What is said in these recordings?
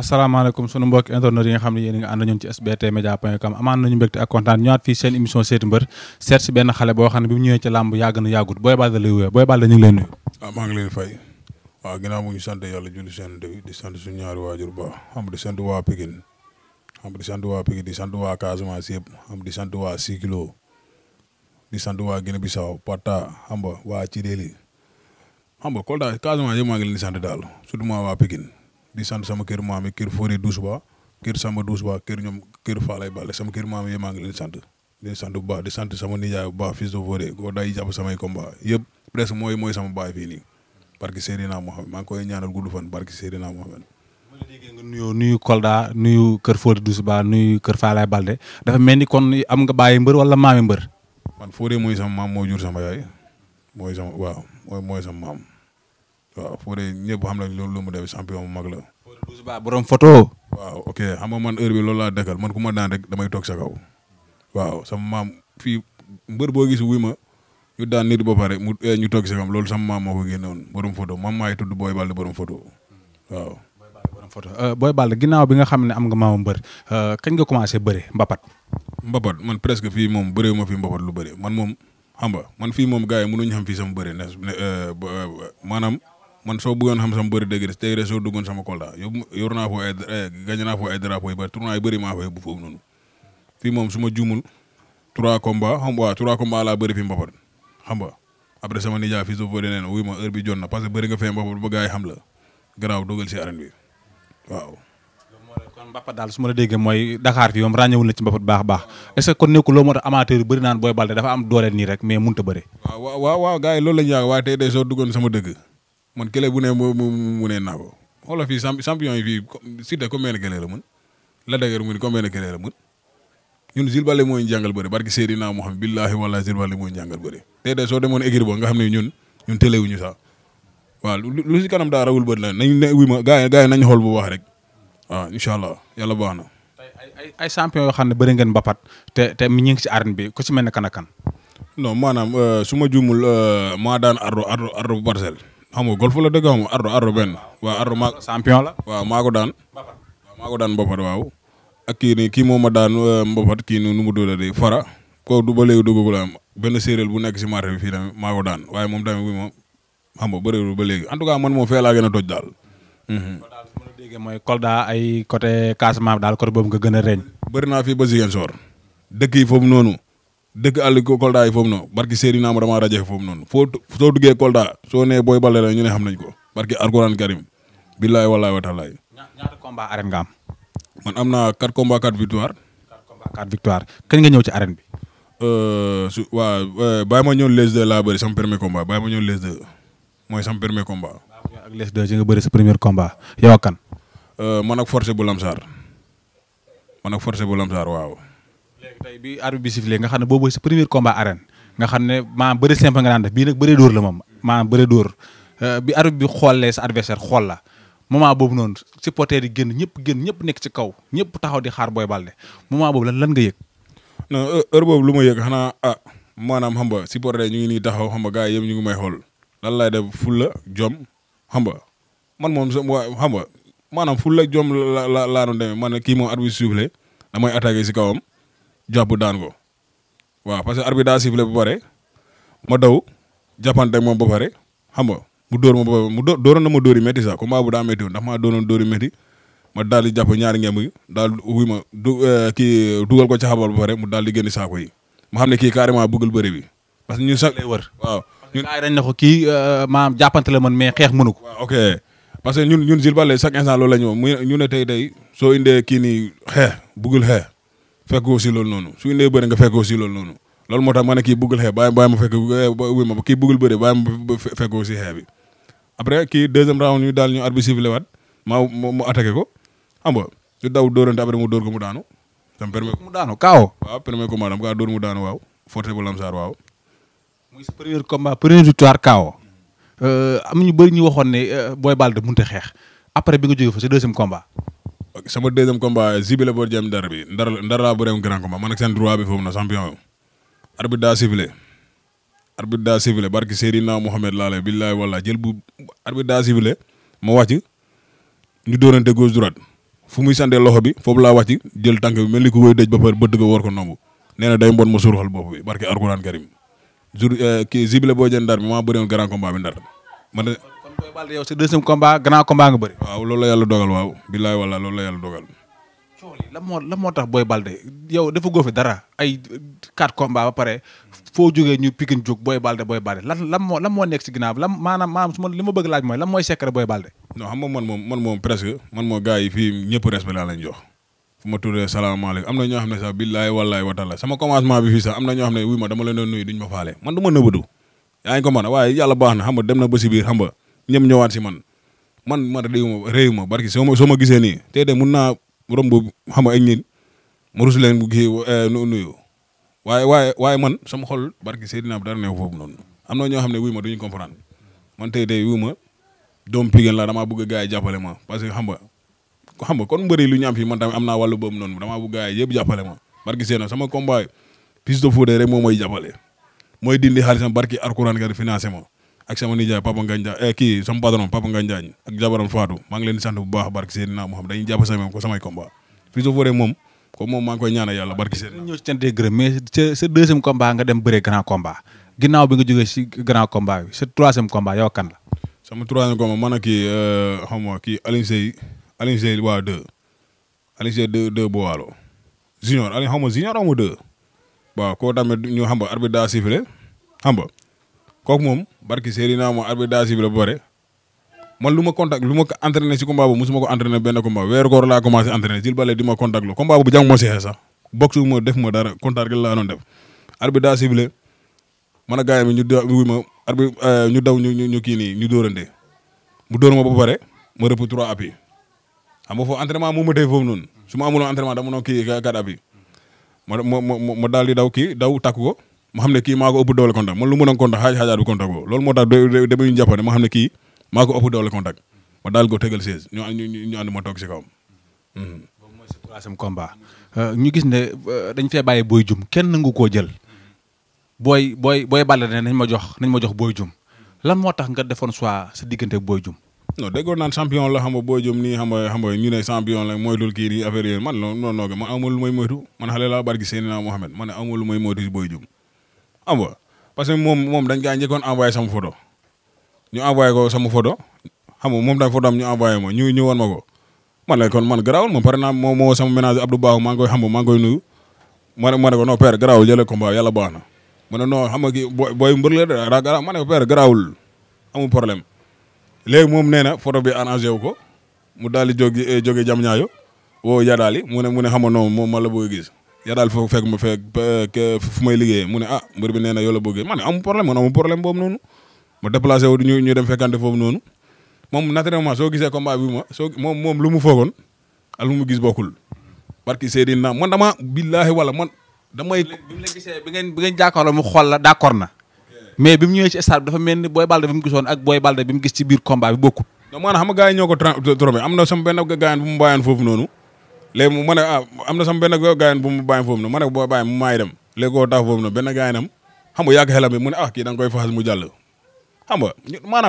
asalaamaaleykum sunu mbokki internet nga xam ne yéen a ngi ànd ñun ci sbt média point com amaan nañu mbégte ak kontaan ñëwaat seen émission seeti mbër seet si benn xale boo xam ne bi mu ñëwee ci làmb yàgg na yàggut Boy Baldé lay wuyoo Boy Baldé ñu ngi leen nuyu waaw ah, ngi leen fay waaw ginnaaw mu ñu sant yàlla julli seen di sant suñu ñaari waajur ba xam di sant waa Pikine xam di sant waa Pikine di sant waa Casamance yëpp xam di sant waa Sikilo di sant waa Guinée Bissau Pata xam sant daal di sant sama kër maam yi kër Fodé Douce sama kër maam yi maa ngi leen sant di sant bu baax di sant sama nijaay bu baax fils de Fodé koo day jàpp samay combat yëpp presque mooy mooy sama baay fii nii maa ngi koy ñaanal gudd fan barki Seydina Mohamed la déggee nga nuyoo nuyu Kolda nuyu kër Fodé Douce Ba nuyu mel ni kon am nga bàyyi mbër wala maami mbër man Fodé mooy sama maam moo jur sama yaay mooy sama waaw mooy mooy sama maam waaw Fodé ñëpp xam nañ loolu lu mu def champion bu mag la. Fodé Doussouba borom man heure bi laa dëkkal man ku ma daan rek damay toog sa kaw. waaw sama maam fii mbër boo gis wuy ma ñu ba pare mu eh, ñu toog sa kaw loolu sama maam moo ko génnoon borom photo maam maay tudd Boy Baldé waaw. Eh, Boy Baldé ginnaaw bi nga xam ne am nga maamu mbër eh, kañ nga commencé bëre Mbapat. Mbapat man presque fii moom bëree ma fi Mbapat lu bëri man moom xam nga man fii moom gars yi mënuñ xam fii sama bëri ne man soo bëggoon xam sama bëri degré degré soo duggoon sama Kolda yóbbu yor naa foo ay gañ foo yi ba tournoi yu bëri noonu fii moom su ma juumul trois combats xam nga waaw trois combats laa bëri fi mbapat xam nga après sama nijaay fii su ma nee na wuy ma heure jot na parce que bëri nga fee mbapat ba gars yi xam la garaaw dogal si arène bi waaw. kon daal su la déggee mooy Dakar fii moom ràññewul na ci mbapat baax baax est-ce que kon nekkul loo moo tax amateur yu a bëri. waaw waaw waaw gars yi loolu la ñu sama dëgg man gële bu ne mu mu ne naa ko xoolal fii champion yi fii Siteu combien de gële la mën la dëgër mu ni combien de gële la mën ñun Jules Baldé mooy jàngal bëri barki Seydina Muhammad billaahi wallaahi Jules Baldé mooy jàngal bëri tey de soo demoon équipe ba nga xam ne ñun ñun sax waaw lu si kanam daara wul bët la nañ ne wi ma gars yi nañ xool bu baax rek waaw incha allah yàlla baax na. ay ay champion yoo xam ne bëri ngeen mbapat te te ñu ngi si arène bi ku si mel ne kan non maanaam euh, su ma juumul euh, maa daan ardo ardo ardo parcelle xam nga golf la dëgg xam ardo ardo benn waaw ardo maa champion la waa maa daan mbapat waaw ak kii nii kii moom ma daan euh, mbapat kii nu nu mu doola de fara ko du ba léegi duggagul am benn séeréer bu nekk si marché bi tamit maa daan waaye moom tamit bi moom xam nga bëriwul ba léegi en tout cas man moom fee gën a toj daal mhm. dégg mooy Kolda ay côté Casamance daal côté boobu nga gën a reeñ bëri naa fii ba Ziguinchor dëkk yi foofu noonu dëkk àll Kolda yi foofu noonu barki séeri naa ma damaa rajo foofu noonu foo soo duggee Kolda soo nee Boy Baldé la ñu ne xam nañ ko barki Alxuraan Karim billaay wallaay wa man am na 4 combats 4 victoire. kañ nga ñëw ci arène bi. Euh, su waaw euh, bàyyi ma ñëw les deux laa bëri sama premier combat ma ñëw les deux mooy sama premier combat. sa premier combat yow ak kan. Euh, man ak forcé bu Lamsar man ak forcé bu Lamsar waaw. tey bi arbitre bi sifflé nga xam ne boobu sa premier combat arène nga xam ne maa bëre simple nga daan def bii nag bëre dóor la moom maanaam bëre dóor euh, bi arbitre bi xoolee sa adversaire xool la moment boobu noonu supporter yi génn ñëpp génn ñëpp nekk ci kaw ñëpp taxaw di xaar Boy Baldé moment boobu lan lan nga yëg. boobu lu ma yëg xanaa ah maanaam xam nga supporter ñu ngi nii taxaw xam nga ñu ngi may xool lan lay def fulla jom xam nga man moom sa xam nga maanaam fulla jom la la laa doon demee man kii moom arbitre sifflé damay attaqué si kawam. jàpp daan ko waaw parce que arbitre daa sifflé ba pare ma daw jàppante ak moom ba pare xam nga mu dóor ma ba mu door na ma dóori métti sax combat bu daa métti woon ndax maa ma daal di jàpp ñaari ngeen muy daal wuy ma du eh, kii dugal ko ci xabal ba pare mu daal di génn saako yi ma xam ne kii carrément bëggul bëri bi parce que ñun sax lay wër ñun gars ko kii eh, maam jàppante la man mais xeex mënu ko. waaw ok parce que ñun ñun Jules Baldé chaque la ñu ñu ne tey tey soo indee kii nii xeex bëggul xeex fekkoo si loolu noonu su indee bëri nga fekkoo si loolu noonu loolu moo tax ma ne kii buggul xeex bàyyi bàyyi ma fekk eh, wuy ma kii si xeex bi après kii deuxième round ñu daal ñu arbitre sifflé mu attaqué ko xam nga ñu daw dóorante après mu door ko mu daanu sam permet mu daanu kaaw waaw premier combat mu daanu waaw forte bu lamsaar waaw muy sa premier combat première victoire kaaw euh, am ñu bëri ñu waxoon ne euh, Boy Baldé mun te xeex après bi nga jóge fa si deuxième combat sama deuxième combat Zibi la boo jëm ndar bi ndar ndar laa bëreem grand combat man ak seen droit bi foofu na champion. arbitre daa sifflé arbitre daa sifflé barki Seydina Mohamed laale billaay walla jël bu arbitre daa sifflé ma wàcc ñu dóorante gauche droite fu muy sandee loxo bi foofu laa wàcc jël tànk bi mel ni ku koy dëj ba pare bëtt ko war ko nombu nee na day mbon ma suruxal bopp bi barki Alxuraan Karim jour euh, kii Zibi boo jëm dar bi maa bëreem grand combat Boy Baldé yow sa deuxième combat grand combat la yàlla dogal moo lan moo tax Boy Baldé yow dafa dara ay quatre combats ba pare foo jógee ñu Pikine jóg Boy Baldé Boy Baldé moom man moom presque man ñëpp respect laa lañ jox. fu ma tuddee salaamaaleykum am na ñoo bi fii sax am na ñoo xam ne wuy ma dama leen a nuyu duñ ma faale man du ma yaa ngi ko mën a waaye yàlla baax na xam dem na ba si biir ñoom ñëwaat si man man man réew ma réew ma barki soo ma soo ma gisee nii tey de mun naa romb xam nga ak ñi ma rus leen bu gisee eh, nuyu waaye waaye waaye man sama xol barki Seydina bi dara neew foofu noonu am na ñoo xam ne wuy ma duñu comprendre man tey tey wuy ma doom Pikine la damaa bëgg gars yi parce que xam nga xam nga kon mbëri lu ñu am fii man am naa wàllu noonu damaa bëgg gars yi yëpp jàppale ma barki Seydina sama combat Fils de Fouta rek moom mooy jàppale mooy dindi xaalisam barki Alxuraan gar financé ma ak sama nijaay Papa Ngagne Diagne eh, kii sama patron Papa Ngagne ak jabaram Fatou maa ngi leen di sant bu baax barki Seydina Mohamed dañuy jàpp sama ko samay combat Fils de Fodé moom comme moom maa ngi koy ñaanal yàlla barki Seydina ñëw ci cant yi gërëm mais sa sa deuxième combat nga dem bëree grand combat ginnaaw bi nga jógee si grand combat sa troisième combat yow kan la sama troisième combat man kii euh, xam kii Alioune Seye Alioune Seye waa deux bu waalo junior Alioune xam nga junior amu deux waaw koo tamit ñu xam nga arbitre daa sifflé xam nga kooku moom barki naa moom arbitre daa sifflé ba pare man lu ma contact lu ma ko entraîné si combat bu mosuma ko entraîné benn combat weeru koor a commencé entraîné Jules Baldé di ma contact lu combat bu jàng moo seexee sax boxe ma def ma dara contact gi laa doon def arbitre daa sifflé man ak gars yi euh, ñu daw ñu daw ñu ñu kii nii ñu dóorante mu dóor ma ba pare ma rëpp trois appuis xam nga foofu entraînement moo ma tey foofu noonu su ma amuloon entraînement dama noo kii quatre appuis ma ma ma daal di daw kii daw takku ko. moo xam ne kii maa ko ëpp doole contact man lu mën a contact xaaj xaajaat bi contact boobu loolu moo tax damañu jàpp ne ma xam ne kii maa ëpp doole contact ma daal ko tegal siège ñu ñu ànd ma toog si kawam boobu mooy sa euh, ñu gis ne euh, dañ fee bàyyi booy jum kenn nangu koo jël booy booy booy bàlle ma jox nañ ma jox booy jum lan moo tax nga defoon soit sa diggante booy jum non déggoon naan champion la xam nga booy jum nii xam nga ñu ne champion la mooy dul kii nii affaire yooyu man non non non may moytu man xale laa si booy jum am nga parce que moom moom dañ gaa njëkkoon envoyé sama photo ñu envoyé ko sama photo xam nga moom tamit photo am ñu envoyé ma ñu ñu woon ma ko man la kon man garaawul moom par exemple moom moo sama ménage Abdou Baaxu maa ngi koy xam maa ngi koy nuyu ma ne ma ne ko non père garaawul jëlee ma ne non xam nga kii booy booy mbër la de daa garaaw ma amul problème léegi moom nee na photo bi arrangé wu ko mu daal di eh, jóge jóge jam ñaayo woo yaa daal mu ne mu ne xam nga non moom ma la bëgg gis yaa daal foo fekk ma fekk fu may liggéeyee mu ne ah mbër bi nee na yow la bëggee ma ne amu problème man amu problème boobu noonu ma moom naturellement soo gisee combat bi ma soo moom moom lu mu foogoon ak lu mu gis bokkul barki Seydina man dama la gisee la d'accord na mais bi mu ñëwee ci stade bi mu gisoon ak Boy Baldé bi mu gis ci biir combat bi bokkul. non maanaam xam nga gars yi ñoo ko trompé am na sama benn gaayan bu mu bàyyoon foofu noonu léegi mu ma ah, am na sama benn gaayan bu mu bàyyi foofu noonu ma ne boo bàyyi mu maay dem léegi koo foofu noonu benn gaayanam xam nga yàgg xelam bi mu ne ah, koy faas mu jàll xam nga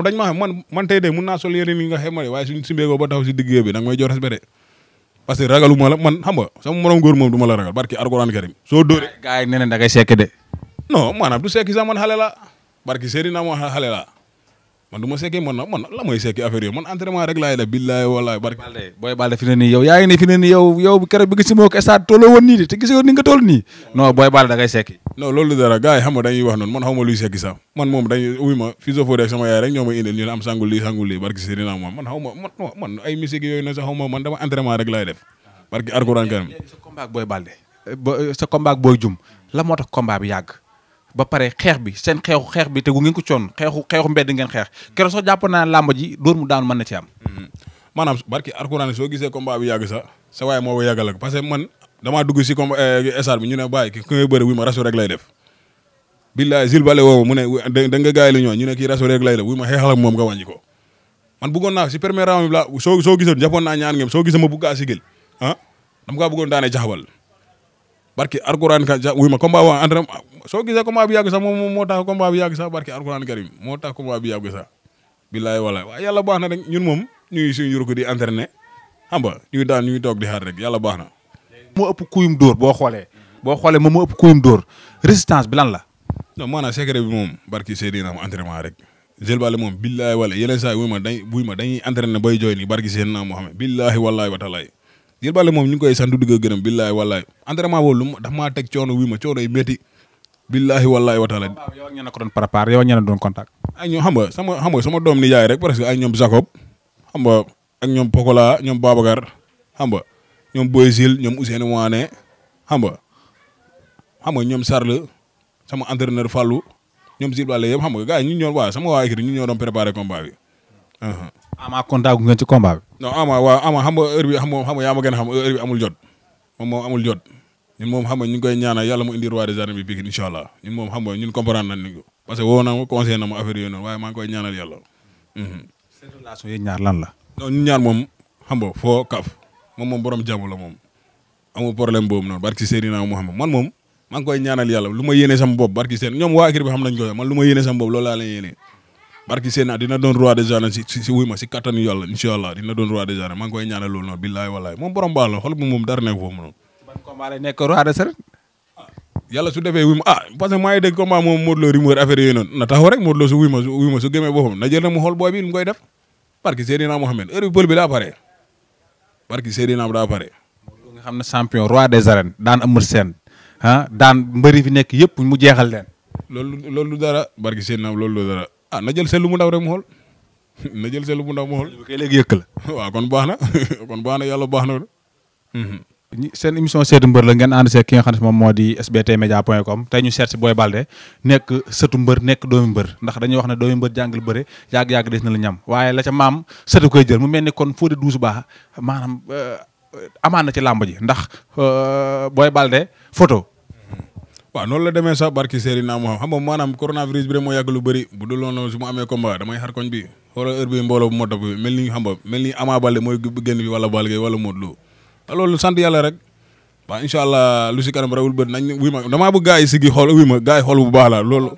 dañ ma xam man man tey de mun naa sol yëre yi nga xamale waaye suñ simbeekoo ba taxaw si digg bi da nga may jox respect parce que ragalu ma la man xam nga sama morom góor du ma la ragal barki Alxuraan Karim soo dóoree gars yi nee na de non ma man du ma sekki man man yaa ngi ne fi ne nii yow yow keroog moo ko stade tolloo dañuy wax man dañuy uy man dama entraînement rek laay def barke Alxuraan karim sa combat booy Balde eh, eh, sa combat ak booy jum la moo tax combat bi ba pare xeex bi seen xeexu xeex bi tegu ngeen ko coon xeexu xeexu mbedd ngeen xeex keroog sax jàpp naa làmb ji dóor mu daan mën na ci am mm-hmm. maanaam barki alxuraan soo gisee combat bi yàgg que man damaa dugg si combat esar eh, bi ñu ne bàyyi ki ngay bëri wu ma rasu nga gaay li ñoo ñu ne kii rasu moom nga wàññi ko man bëggoon naa si premier naa ñaan ngeen soo gisee ma buggaa sigil ah dama kaa bëggoon daanee jaxabal barki alxuraan ka wuy waa entraînement soo ko ma bi yàgg sax moom moo tax combat bi yàgg sax barki alquran karim moo tax combat bi yàgg sax billaay walaay waaye baax na rek ñun moom ñuy suñu yurko di entraîné xam nga ñuy daan toog di xaar rek yàlla baax na. moo ëpp kuyum door boo xoolee. boo xoolee moom moo ëpp kuyum dóor résistance bi lan la. non maanaam secret bi moom barki Seydina am entraînement rek Jules Baldé moom billaay walaay yeneen saa yi buy ma dañ buy ma dañuy entraîné bay jooy nii barki Seydina Mohamed ñu ngi koy sant di ko gërëm billaay walaay entraînement boobu lu ma dafa maa teg coono ma coono yi métti billaahi wallaahi wa taala. waaw yow ak ñeneen ko doon préparé yow ak ñeneen doon contact. ak ñoom xam nga sama xam nga sama doom ni rek presque ak ñoom Jacob xam nga ak ñoom Pokola ñoom Babacar xam nga ñoom Boysil ñoom Ousseynou Waane xam nga xam nga ñoom Sarle sama entraîneur Fallou ñoom Zil Balla yëpp xam nga gars yi ñu ñoo waaw ñu ñoo doon préparé combat bi. Uh-huh. ama contact gu ngeen ci combat bi. non ama waaw ama xam nga heure bi a xam heure bi amul jot moom moom amul jot. ñun moom xam nga ñu ngi koy ñaanal yàlla mu indi roi des arènes bi Pikine incha ñun moom xam nga ñun comprendre nañ ko parce que woo na ma conseillé na ma affaire yooyu noonu waaye mhm. lan la. non ñun ñaar moom xam nga foo kaf moom moom man koy ñaanal yàlla lu ma yéene sama bopp barki seen ñoom waa AICRI bi xam nañ ko man lu ma yéene sama bopp loolu laa leen yéene barki seen dina doon roi des arènes si wuy ma si kattanu yàlla incha dina doon roi des arènes maa koy ñaanal loolu noonu billaay ban combat nekk roi de serre. yàlla su defee wuy ma ah parce que maa ngi dégg combat moom Modou Lo rumeur affaire yooyu noonu na taxaw rek Modou Lo su wuy ma su wuy boppam na jël na mu xool booy daa pare parce que daa pare. nga xam ne champion roi des arènes daan amul seen ah daan mbëri fi nekk yëpp mu jeexal leen. loolu lu dara parce que Seydina am loolu dara ah na jël seetlu mu ndaw rek mu xool. na jël seetlu bu ndaw ma xool. bu kay léegi yëkk la. waaw kon baax na yàlla baax na. Hmm, hmm. seen émission seetu mbër la ngeen ànd see ki nga xam ne moom moo di sbtmedia point com tey ñu seet si Boy Baldé nekk sëtu mbër nekk doomi mbër ndax dañuy wax ne doomi mbër jàngal bëre yàgg-yàgg des na la ñam waaye la ca maam sëtu mu mel ni kon Fodé Douze Ba maanaam euh, amaan na ci làmb ji ndax euh, Boy Baldé photo waaw noonu la demee sax barki maanaam coronavirus bi lu bëri bu dul loolu su mu amee combat damay xar koñ bi xoolal heure bi mbooloo bu moo bi mel ni xam nga mel ni Ama Baldé mooy génn bi wala Balla Gaye wala Modou Lo Ah, loolu sant yàlla rek waa incha allah lu si kanam rawul bët nañ wi ma damaa bëgg gaa yi siggi xool wi ma gars yi xool bu baax la loolu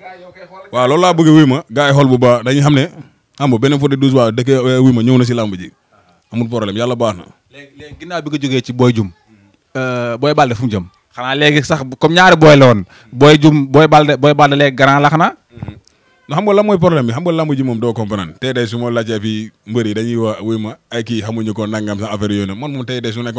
waaw loolu laa bëgg wi ma gars yi xool bu baax dañuy xam ne xam nga beneen faute eh, ma ñëw na si làmb ji amul problème yàlla baax na léegi léegi ginnaaw bi jógee ci booy Dioum euh, booy Baldé fu mu jëm xanaa léegi sax comme ñaari booy la woon Boy Dioum Boy Baldé Boy Baldé léegi grand la xanaa xam nga lan mooy problème bi xam nga lamb ji moom doo comprendre tey day su ma laajee fii mbër yi dañuy wax wuy ma ay kii xamuñu ko nangam sa affaire yooyu ne man moom tey day na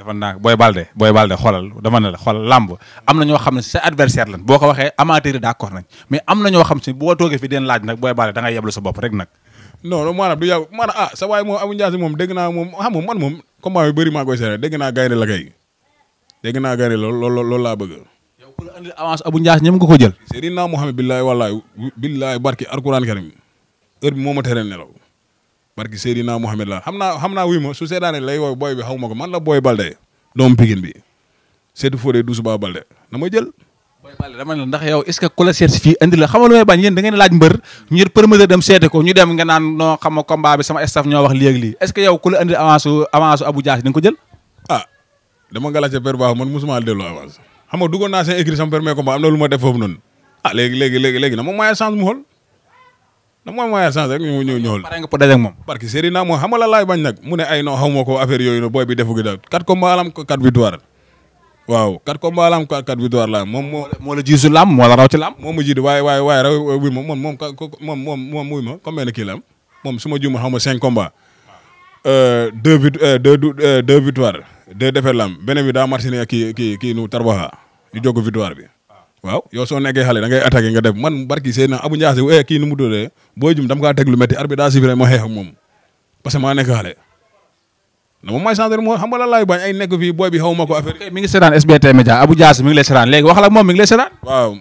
dafa ndànk booy booy balde xoolal dama ne la xoolal làmb am na ñoo xam ne sa adversaire lan boo ko waxee amateur yi d'accord mais am na xam si boo toogee fi den laaj nag booy balde da ngay yeblu sa bopp rek nag non maanaam du yàgg ah, moom Abou Ndiassé moom dégg naa moom xam ah, man moom combat yu bëri maa koy seere dégg naa gaynde la kay dégg naa gaynde lool lool loolu laa bëgg. yow ku la andil avance Abou Ndiass ñëm nga ko jël. Seydina Mohamed billaay wallaay billaay barki alquran karim heure bi moo ma teree nelaw barki Seydina Mohamed laa xam naa xam naa wuy ma su seedaane lay wooy booy bi xaw ma ko man la booy Balde doomu Pikine bi seetu fóoree du subaa Balde na ma jël. booy bàll dama ne la ndax yow est-ce que ku la certifié indi la may bañ yéen da mbër ñu promoteur dem seete ko ñu dem nga naan noo xama combat bi sama staff ñoo wax lii ak ko jël ah dama nga laajte père baax man mosuma delloo avance xam nga duggoon naa seen écrit sama premier combat am na lu ma def foofu noonu ah léegi léegi léegi na moom maaya chance mu xool na moom maaya chance rek ñu ñu xool pare nga pour moom parce que naa moom xam la waaw kat combat la kat victoire la moom moo. moo la jiitu lam moo la raw ci lam. moom mu jiitu waaye waaye moom moom moom moom ma combien de kii la am moom su ma juum xaw ma cinq combats. Euh, deux vit euh, euh, victoire deux défaites la am bi daa martiné kii kii kii nu Tarbaxa ñu jog victoire bi. waaw yow soo nekkee xale da ngay nga def man barki seen Abu Ndiasse eh, kii nu mu tuddee eh, booy jum dam kaa teg lu métti arbitre daa sifflé ma xeex ak moom parce que nekk xale. moom mooy gendarme moo xam nga lan laay bañ ay nekk fii booy bi xaw ma ko affaire yi. mi ngi seetaan SBT Média Abou Diass mi ngi lay seetaan léegi wax la moom mi ngi lay seetaan. waaw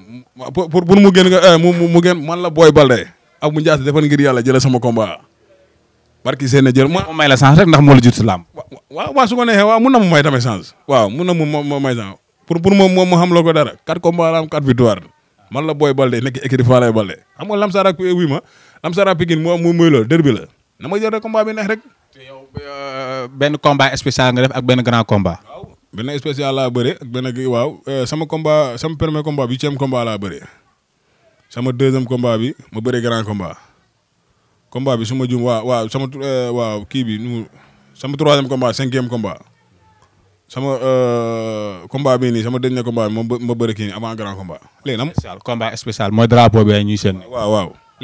pour pour mu gën nga eh, mu mu gën man la Boy Baldé Abou Diass defal ngir yàlla jëlee sama combat. barki seen jël ma may la chance rek ndax moo la jut lamb. waaw waaw su ko neexee waaw mun na mu may tamit chance. waaw mun na mu ma may chance pour pour moom moom mu xam la ko dara quatre combats la am quatre victoire man la Boy Baldé nekk écurie Falaye Baldé xam nga Lamsara ak wi ma Lamsara Pikine moo muy loolu derby la na ma jël rek combat bi neex rek Euh, benn combat spécial nga def ak benn grand combat. waaw benn spécial laa bëre ak benn waaw euh, sama combat sama premier combat bi huitième combat laa bëre sama deuxième combat bi ma bëre grand combat combat bi su jum waaw sama euh, waaw kii bi nu sama troisième combat cinquième combat sama combat bii nii sama dernier combat bi ma bëre kii avant grand combat. léegi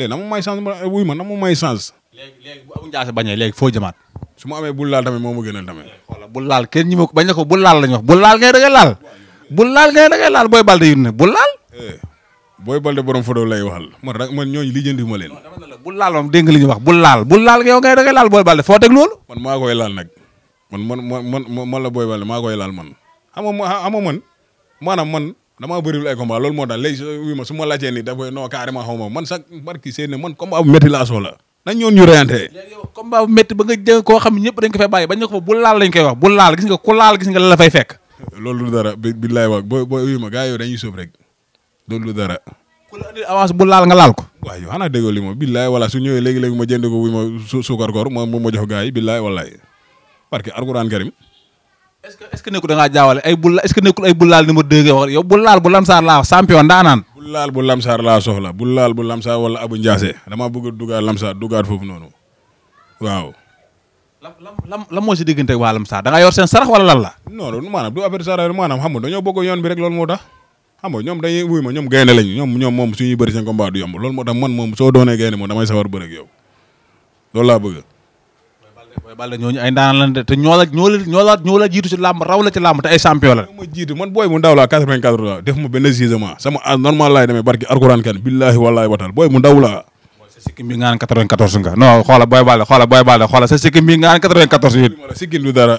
nag may chance wuy ma may chance. léegi bu Abou Ndiassé bañee léegi foo jëmaat. su ma amee bul laal tamit moom ma gënal tamit. xoolal bul laal kenn ñi ma ko bañ na ko bul laal laal ngay laal bul laal ngay da ngay laal booy balde yu ne bul laal. Eh, booy balde borom fodo lay waxal man ma leen. bul laal moom dégg li ñuy wax bul laal laal ngay da ngay laal booy balde foo teg loolu. man maa koy laal nag man man man la booy balde maa koy laal man xam nga ah, man maanaam man damaa bëriwul ay combat loolu moo tax léegi euh, su ma la nii da koy non carrément xaw ma man sax barki seen man combat bu métti laa soxla nañ ñoon ñu reyante combat bu ba nga jëng koo xam ñëpp dañ ko fay bàyyi bañ ne ko bu laal lañ koy wax bu laal gis nga ku laal gis nga la la fay fekk loolu dara billaay wax booy booy uyu ma gars yooyu dañuy sóob rek loolu bu laal nga laal ko waaw yow xanaa déggoo li moom su ñëwee léegi-léegi ma jënd ko wuy ma suukar koor moom moom ma jox gars yi billaay wallaay parce que alquran karim est-ce que jaawale ay bu laal numéro deux nga wax yow bu lamsaar laa champion daanaan bu laal bu lamsaar laa soxla bu laal bu lamsaar wala abu njaase dama bëgg dugaat lamsaar dugaat foofu noonu waaw. lan lan lan moo si diggante waa lamsaar da nga yor seen sarax la. non non maanaam du affaire xam nga dañoo bëgg yoon bi rek loolu moo tax xam nga ñoom dañuy wuy ma ñoom gaynde lañu ñoom moom suñuy bëri seen combat du yomb loolu moo tax man moom soo doonee gaynde moom damay sawar bëri ak yow loolu laa bëgga Boy Baldé ñooñu ay ndaanaan lan de te ñoo la ñoo la ñoo la ñoo la jiitu ci làmb raw la ci làmb te ay champion la ma jiitu man booy mu ndaw laa 84 la def ma benn jugement sama normal laay demee barki alquran kan billaahi wallaahi watal booy mu ndaw laa sa sikkim bi nga naan 94 nga non xoola Boy Baldé xoola Boy Baldé xoola sa sikkim bi nga naan 94 yit sikkim du dara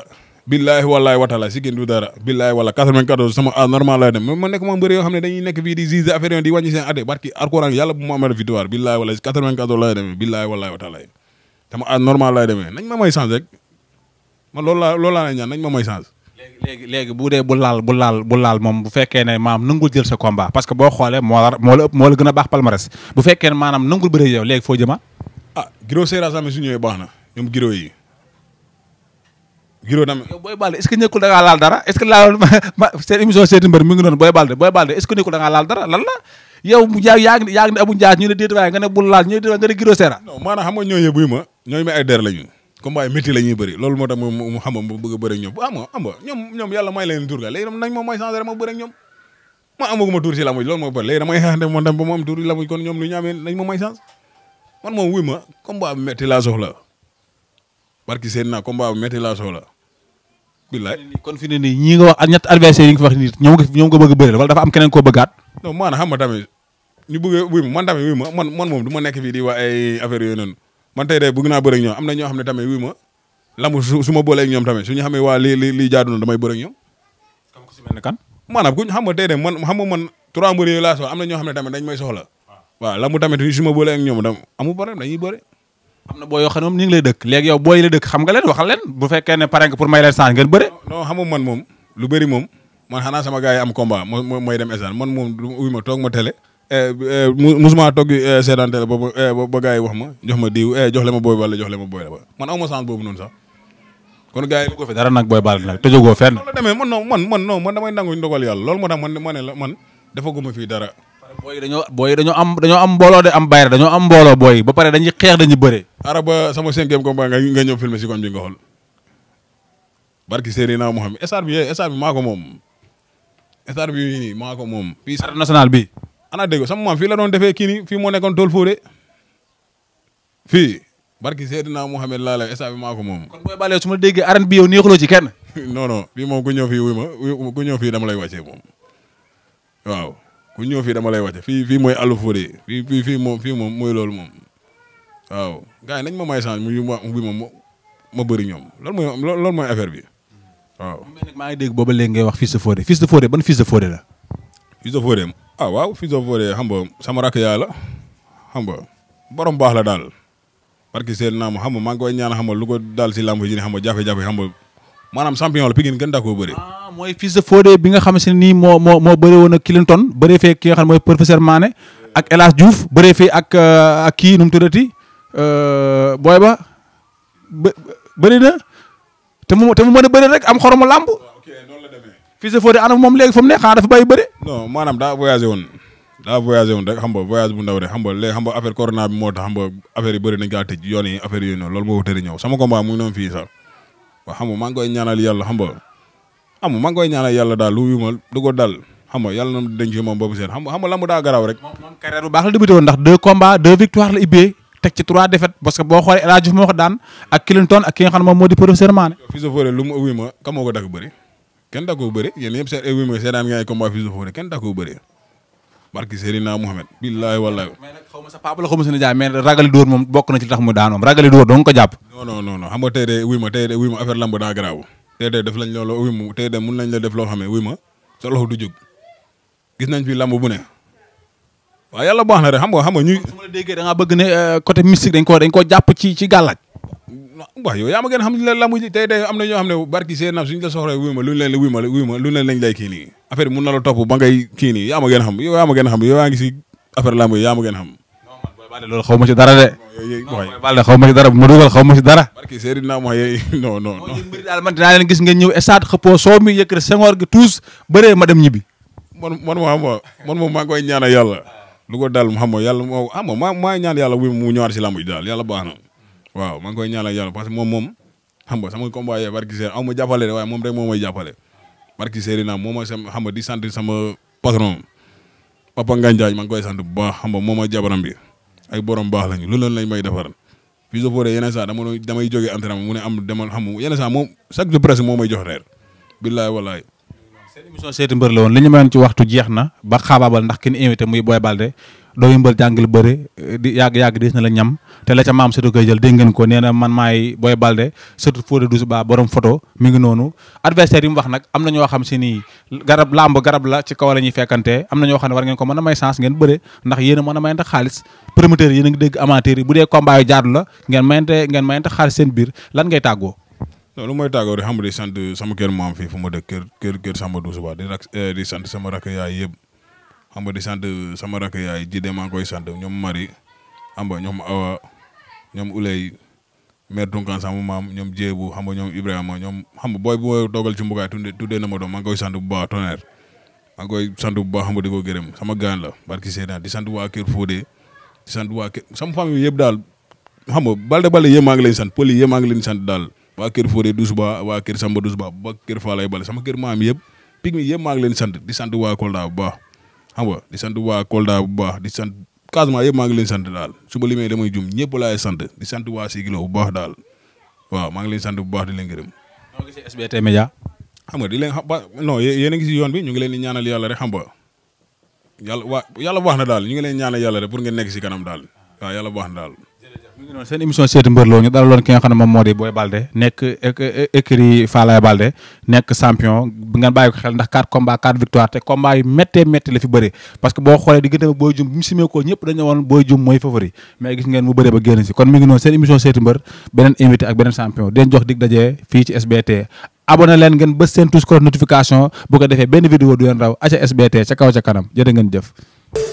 billaahi wallaahi watala sikkim du dara billaahi wala 94 sama normal laay demee ma nekk ma mbër yoo xam ne dañuy nekk fii di juge affaire yi di wàññi seen ade barki alquran yàlla bu mu amal victoire billaahi wala 94 laay demee billaahi wallaahi watala dama ah, normal lay demee nañ ma may chance rek man loolu laa nañ ma may chance. léegi léegi léegi bu dee bu laal bu laal bu laal moom bu fekkee ne maam nangul jël sa combat parce que boo xoolee moo la moo la gën a baax palmarès bu fekkee ne maanaam nangul bëri yow léegi foo jëma ah Giro Seydou su ñëwee baax na ñoom Giro yi. Giro tamit yow Boy Balde yaa yaa ne Abou Ndiaye ñu ne déet nga ne bul laal ñu ne déet nga ne Giro Seydou. xam nga ñooñu buy ma ñooñu may ay der lañu combat yi métti la bëri loolu moo tax mu xam mu bëgg a bëri ak ñoom am nga am nga ñoom ñoom yàlla may leen tur ga léegi nañ moom may changé rek ma bëri ak ma amaguma tur si lamuj loolu moo bëri léegi damay xeexante moom ba mu am tur si lamuj kon ñoom lu nii ñi wax ñett adversaire yi nga fi wax nii ñoom nga ñoom nga bëgg a bëri wala dafa am keneen koo bëggaat non maanaam man man moom du ma nekk fii di wax ay affaire yooyu noonu man tey de bëgg naa bëre ñoom am na ñoo xam ne tamit wi ma lamu su su ma boolee ak na ñoom xam nga tey de man xam nga ñoo xam ne tamit dañ may soxla waaw lamu tamit su ma boolee am na boo yoo xam ne moom ñu ngi lay dëkk léegi yow booy la dëkk xam nga leen waxal leen bu fekkee ne pare nga pour may leen saan ngeen bëre non xam man moom lu bëri moom man xanaa sama gars yi am combat mooy dem esan man moom uy ma toog ma télé Eh, eh, musuma toog eh, seetaan télé ba ba ba gars yi wax ma jox ma diw jox le ma booy bàll joxle ma booy la ba man aw ma sens boobu noonu sax kon gars yi. ko fi dara nag booy baal nag tëjagoo fenn. loolu la demee man non man man non man damay nangu ndogal yàlla loolu moo tax man ma ne la man defaguma fii dara. booy dañoo booy yi dañoo am dañoo am mbooloo de am bayra dañoo am mbooloo booy ba pare dañuy xeex dañuy bëre. araba sama cinquième combat nga nga ñëw filmé si koñ bi nga xool barki Seydina Mohamed stade bi stade bi maa ko moom stade bi nii maa ko moom. fii stade national bi ana dégg sama maam fii la doon defee kii nii fii moo nekkoon tool fóode fii barki Seydina Mouhamed laa lay instant bi ko moom. kon booy bàllee su ma déggee arène bi yow neexuloo ci kenn. non non fii moom ku ñëw fii wuy ma dama lay wàccee moom waaw ñëw fii dama lay wàccee fii fii mooy àllu fóode fii fii fii moom fii moom mooy loolu moom waaw gars yi nañ ma may change mu bi moom ma bëri ñoom loolu mooy loolu mooy affaire bi waaw. maa ngi dégg booba léegi ngay wax fils de Fodé fils de Fodé ban fii de Fodé la. fils de Fodé ah waaw Fils of Fodé xam nga sama rakk yaa la xam borom baax la daal barki seen naam xam nga maa ngi koy ñaan xam nga lu ko daal si lamb ji ne xam nga jafe-jafe xam nga maanaam champion la Pikine gën daa koo bëri. ah mooy Fils de bi nga xam si nii moo moo moo ak Clinton bëree fee ki nga xam mooy professeur euh, kii nu mu euh, booy ba ba bëri na te mu te mu mën a bëri rek am xoromu lamb. Ah, Fils de Fodé anam moom léegi fa mu ne xanaa dafa bàyyi bëre. non maanaam daa voyagé woon daa voyagé woon rek xam nga voyage bu ndaw rek xam nga léegi xam nga affaire corona bi moo affaire yi bëri nañ kaa tëj yoon affaire yooyu noonu loolu moo tëri ñëw sama combat mu ngi noonu fii sax koy ñaanal yàlla xam nga koy ñaanal yàlla daal lu wimal du ko dal xam nga yàlla na moom boobu seen xam nga daa garaaw rek baax la débuté woon ndax deux combats deux victoires que boo xoolee El lu mu ëwi kenn dakkoo bëre yéen ñëpp seen émi mooy seetaan nga ay combat fils de Fodé kenn dakkoo bëre barki Serigne Mohamed. billaahi wallaahi. mais xaw ma sa papa la xaw ma sa nijaay mais bokk na ci tax mu daanoom ragali dóor doo nga de wuy ma tey de wuy xam ne ma sa loxo du jóg gis nañ fi lamb bu ne waaw yàlla baax na rek xam nga xam nga ñuy. su ma la déggee da ngaa bëgg ne euh, côté mystique dañ koo dañ koo jàpp ci ci gàllaaj waaw yaa ma gën xam la lamb tey tey am na ñoo xam ne barki seen naam suñu la soxla wuy ma luñ leen wuy ma ma luñ leen lañ lay kii nii affaire mun na la topp ba ngay kii nii yaa ma gën xam yow yaa ma yi yaa ma gën xam Balla loolu ma ci dara de Balla daal xam ma yàlla moo ah, ma maa ñaan yàlla mu ñëwaat si lamb ji daal yàlla baax na waaw maa ngi koy ñaanal yàlla parce que moom moom xam nga sama combat yee barki seer aw ma jàppale de waaye moom rek moo may jàppale barki seeri naa moo ma sama xam nga di santi sama patron papa Ngandiaye maa ngi koy sant bu baax xam nga moo ma jabaram bi ay borom baax lañu loolu lañ may defaral fii de forêt yeneen saa dama damay jógee entraînement mu ne am demal xam yeneen saa moom chaque de presse moo may jox reer billaay seen émission seeti mbër la woon li ñu mayoon ci waxtu jeex na ba xaabaabal ndax ki ñu invité muy Boy Baldé doomu mbër jàngal bëre di yàgg yàgg na la ñam te la ca maam sëtu koy jël dégg ngeen ko nee na man maay Boy Baldé sëtu Fodé Douce Ba borom photo mi ngi noonu adversaire yi wax nag am na ñoo xam si ni garab làmb garab la ci kaw la ñuy fekkante am na ñoo xam ne war ngeen ko mën a may chance ngeen bëre ndax yéen a mën a mayante xaalis promoteur yi yéen a ngi dégg amateur yi bu dee combat yu jaadu la ngeen mayante ngeen mayante seen biir lan ngay tàggoo loolu mooy tàggoo rek xam nga di sant sama ker maam fii fu ma dëkk kër kër kër Samba Doussou Ba di eh, di sant sama rakk yaay yëpp xam nga di sant sama rakk yaay ji de maa ngi koy sant ñoom Marie xam nga ñoom Awa ñoom Ulay mère Dunkan sama maam ñoom Jéebu xam nga ñoom Ibrahima ñoom xam nga booy boo toogal ci mbugaay tudde tuddee na ma doom maa ngi koy sant bu baax tonnerre maa koy sant bu baax xam nga di ko gërëm sama gaan la barki Seydina di sant waa kër Fodé di sant waa kër sama famille yëpp daal xam nga balde balde yëpp maa ngi leen sant pël yi yëpp maa ngi sant daal waa kër Fodé Doucba waa kër Samba Doucba ba kër Falaye Bale sama kër maam yëpp pig mi yëpp maa ngi leen sant di sant waa Kolda bu baax xam nga di sant waa Kolda bu baax di sant Casamance yëpp maa ngi leen sant daal suba ma limee damay jum ñëpp laay sant di sant waa kilo bu baax daal waaw maa ngi leen sant bu baax di leen gërëm. maa SBT Média. xam nga di leen xam ba non yéen a ngi si yoon bi ñu ngi leen di ñaanal yàlla rek xam nga yàlla waa yàlla baax na daal ñu ngi leen ñaanal yàlla rek pour ngeen nekk si kanam daal waaw yàlla baax na daal ñu ngi noonu seen émission seeti mbër la ñu dalaloon ki nga moom moo di Boy nekk écurie Falaye Baldé nekk champion ngeen bàyyi xel ndax 4 combats 4 victoire te combat yu méttee métti la fi bëri parce que boo xoolee diggante ba Boy Dioum bi mu simee ko ñëpp dañu woon Boy Dioum mooy favori mais gis ngeen mu bëree ba génn si kon mi ngi noonu seen émission seeti mbër beneen invité ak beneen champion den jox dig dajee fii ci SBT abonné leen ngeen bës seen ko defee benn vidéo du leen raw aca SBT ca